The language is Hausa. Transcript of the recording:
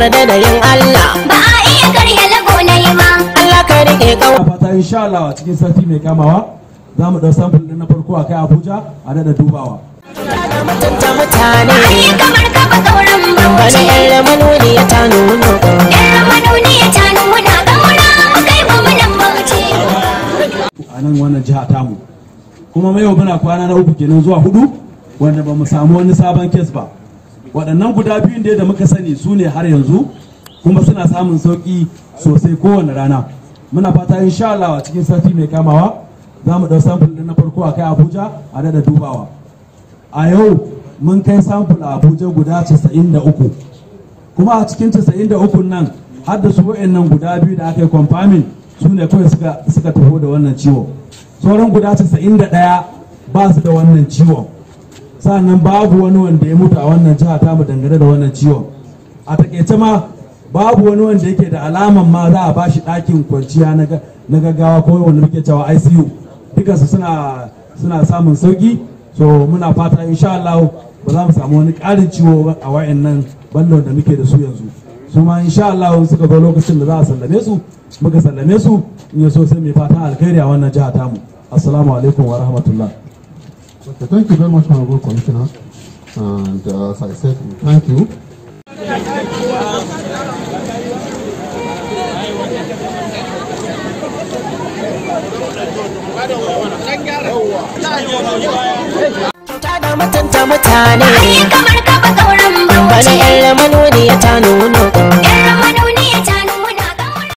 yarda da yin Allah ba a iya karya lago na yi ma Allah ka rike kawo fata insha Allah cikin sati mai kamawa za mu ɗau samfur ɗin na farko a kai Abuja a daɗa dubawa mutunta mutane ai kamar ka ba kauran ba wani yan ramanuni ya ta nuna yan ramanuni ya ta nuna kaura mu kai mu mulan bauchi a nan wannan jiha tamu kuma mai muna kwana na uku kenan zuwa hudu wanda ba mu samu wani sabon kes ba waɗannan guda biyun da muka sani su ne har yanzu kuma suna samun sauki sosai kowane rana muna fata insha Allah cikin sati mai kamawa za mu ɗau samfur na farko a kai Abuja a da dubawa a yau mun kai samfur a Abuja guda 93 kuma a cikin 93 nan har da su wayannan guda biyu da aka yi kwamfamin su ne kawai suka taho da wannan ciwon sauran guda 91 ba su da wannan ciwon sannan babu wani wanda ya mutu a wannan jiha ta mu dangane da wannan ciwon a takaice ma babu wani wanda yake da alaman ma za a ba shi ɗakin kwanciya na gaggawa ko wanda muke cewa ICU su suna suna samun sauki so muna fata insha Allah ba za mu samu wani ƙarin ciwo a wayannan ballon da muke da su yanzu su ma insha Allah suka zo lokacin da za a sallame su muka sallame su in yaso sai mai fatan alkhairi a wannan jiha tamu assalamu alaikum wa rahmatullah So thank you very much, Honorable Commissioner. And uh, as I said, thank you. Ta da mutunta mutane, kamar ka ba kauran bauchi. Wani ƴan lamuni ya ta